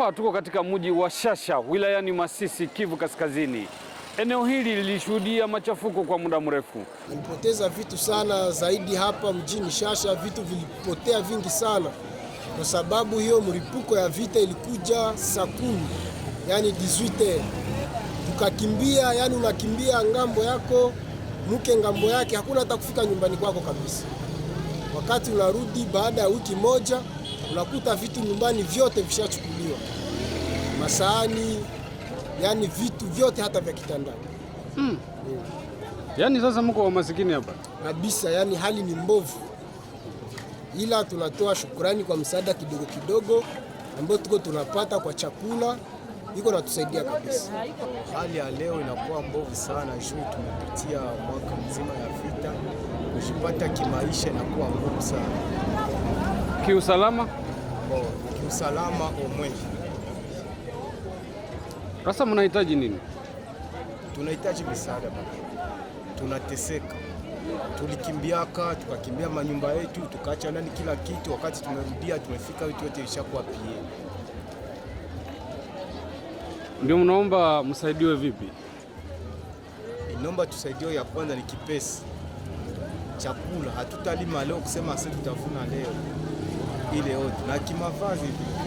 Hapa tuko katika mji wa Shasha wilayani Masisi, Kivu Kaskazini. Eneo hili lilishuhudia machafuko kwa muda mrefu. Nilipoteza vitu sana zaidi hapa mjini Shasha, vitu vilipotea vingi sana kwa sababu hiyo mlipuko ya vita ilikuja saa kumi, yani 18 tukakimbia, yani unakimbia ngambo yako mke ngambo yake, hakuna hata kufika nyumbani kwako kabisa. Wakati unarudi baada ya wiki moja unakuta vitu nyumbani vyote vishachukuliwa, masahani, yani vitu vyote hata vya kitandani mm. Yeah. Yani sasa mko wa masikini hapa kabisa, yani hali ni mbovu, ila tunatoa shukurani kwa msaada kidogo kidogo ambayo tuko tunapata kwa chakula iko natusaidia kabisa. Hali ya leo inakuwa mbovu sana juu tumepitia mwaka mzima ya vita, kujipata kimaisha inakuwa ngumu sana kiusalama ambao kiusalama omwe. Sasa mnahitaji nini? Tunahitaji misaada baba, tunateseka. Tulikimbiaka tukakimbia manyumba yetu tukaacha ndani kila kitu, wakati tumerudia tumefika vitu vyote vishakuwa pia. Ndio mnaomba msaidiwe vipi? Inaomba eh, tusaidiwe, ya kwanza ni kipesi chakula. Hatutalima leo kusema sisi tutavuna leo ile yote na kimavazi pia.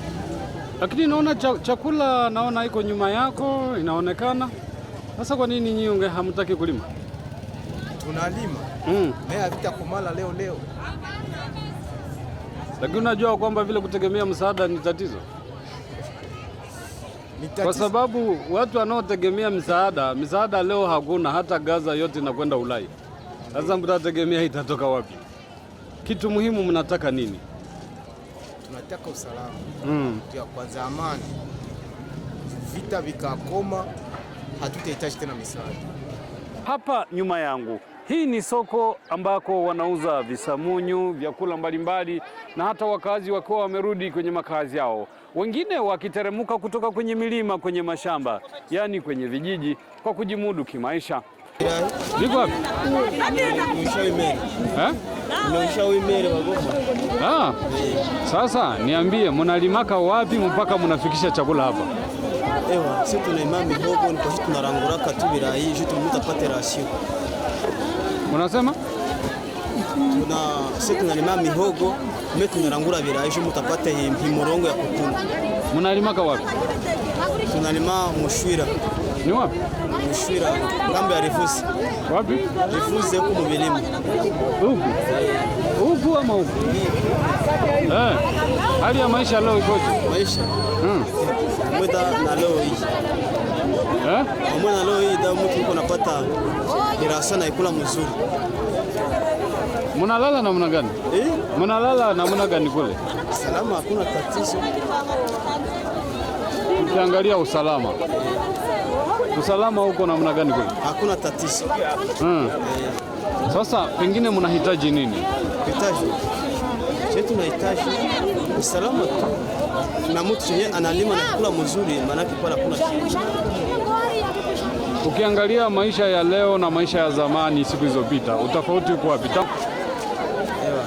Lakini naona chakula, naona iko nyuma yako inaonekana. Sasa kwa nini nyinyi hamtaki kulima? Tunalima mm. kumala leo leo, lakini unajua kwamba vile kutegemea msaada ni tatizo kwa sababu watu wanaotegemea msaada, misaada leo hakuna, hata Gaza yote inakwenda Ulaya. Sasa mtategemea itatoka wapi? Kitu muhimu mnataka nini? wanataka usalama mm. kwa zamani vita vikakoma, hatutahitaji tena misaada. Hapa nyuma yangu hii ni soko ambako wanauza visamunyu, vyakula mbalimbali, na hata wakazi wakiwa wamerudi kwenye makazi yao, wengine wakiteremuka kutoka kwenye milima, kwenye mashamba, yaani kwenye vijiji, kwa kujimudu kimaisha. wapi? Ah, sasa niambie, mnalimaka wapi mpaka mnafikisha chakula hapa? Ewa, sisi tunaima mihogo ni kwa sababu tunaranguraka tu birayi je tumuta pate rasio. Unasema? Tuna sisi tunalima mihogo, mimi tunarangura birayi je mutapate hii morongo ya kutuna. Mnalimaka wapi? Tunalima mushwira. Ni wapi? Mshira, Ngambo ya Rifusi. Wapi? Rifusi huko mbilima. Huko. Huko ama huko? Eh. eh. Hali ya maisha leo ikoje? Maisha. Mm. Mwenda na leo hii. Eh? na leo hii damu mtu uko napata dirasa sana ikula mzuri. Munalala namna gani? Eh? Munalala namna gani kule? Salama, hakuna tatizo. Ukiangalia usalama eh usalama huko namna gani kule? Hakuna tatizo. Hmm. E. Sasa pengine mnahitaji nini? Hitaji. Sisi tunahitaji usalama tu. Na mtu yeye analima na kula mzuri maana pala kuna kitu. Ukiangalia maisha ya leo na maisha ya zamani siku zilizopita, utofauti uko wapi? Ewa.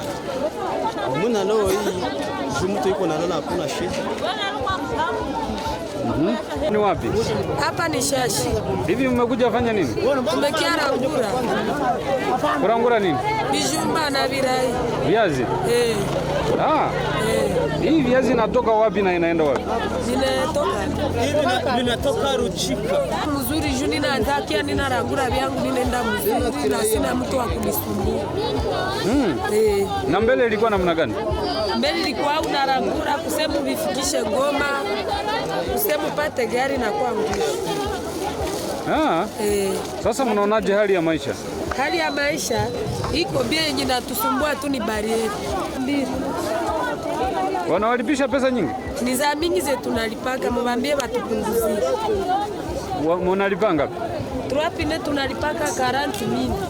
Muna leo hii mtu yuko nalala hakuna shida. Mm -hmm. Ni wapi? Hapa ni Shashi. Hivi mmekuja fanya nini? Tumekia Rangura. Kurangura nini? Bijumba na virai. Viazi? Eh. Ah. Eh. Hii viazi natoka wapi na inaenda wapi? Zinatoka. Hivi linatoka Ruchika. Mzuri juu ninatakia nina Rangura vyangu ninaenda mzuri na sina mtu wa kunisumbua. Mm. Eh. Na mbele ilikuwa namna gani? mbele ilikuwa au narangura kusema vifikishe Goma, kusema pate gari na kwa nguvu. Ah. Eh. Sasa mnaonaje hali ya maisha? Hali ya maisha iko bia yenye natusumbua tu ni barieri. Wanawalipisha pesa nyingi? Ni za mingi zetu tunalipaka, mwambie watupunguzie. ngapi? Tuwapi ne tunalipaka 40 mingi.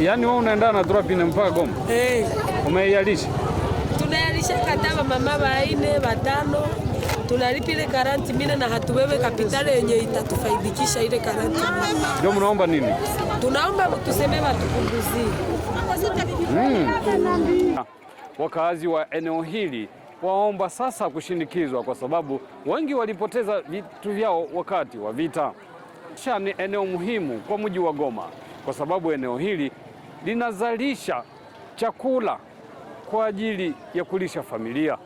Yaani wewe unaendana na drop mpaka Goma? Eh. Umeyalisha? Tunayalisha kataba mama baine batano tunalipa ile karanti mine na hatuwewe kapitali yenye itatufaidikisha ile karanti. Ndio mnaomba nini? Tunaomba mtuseme watupunguzie. Mm. Wakazi wa eneo hili waomba sasa kushindikizwa kwa sababu wengi walipoteza vitu vyao wakati wa vita. Shani eneo muhimu kwa mji wa Goma kwa sababu eneo hili linazalisha chakula kwa ajili ya kulisha familia.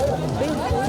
bên bên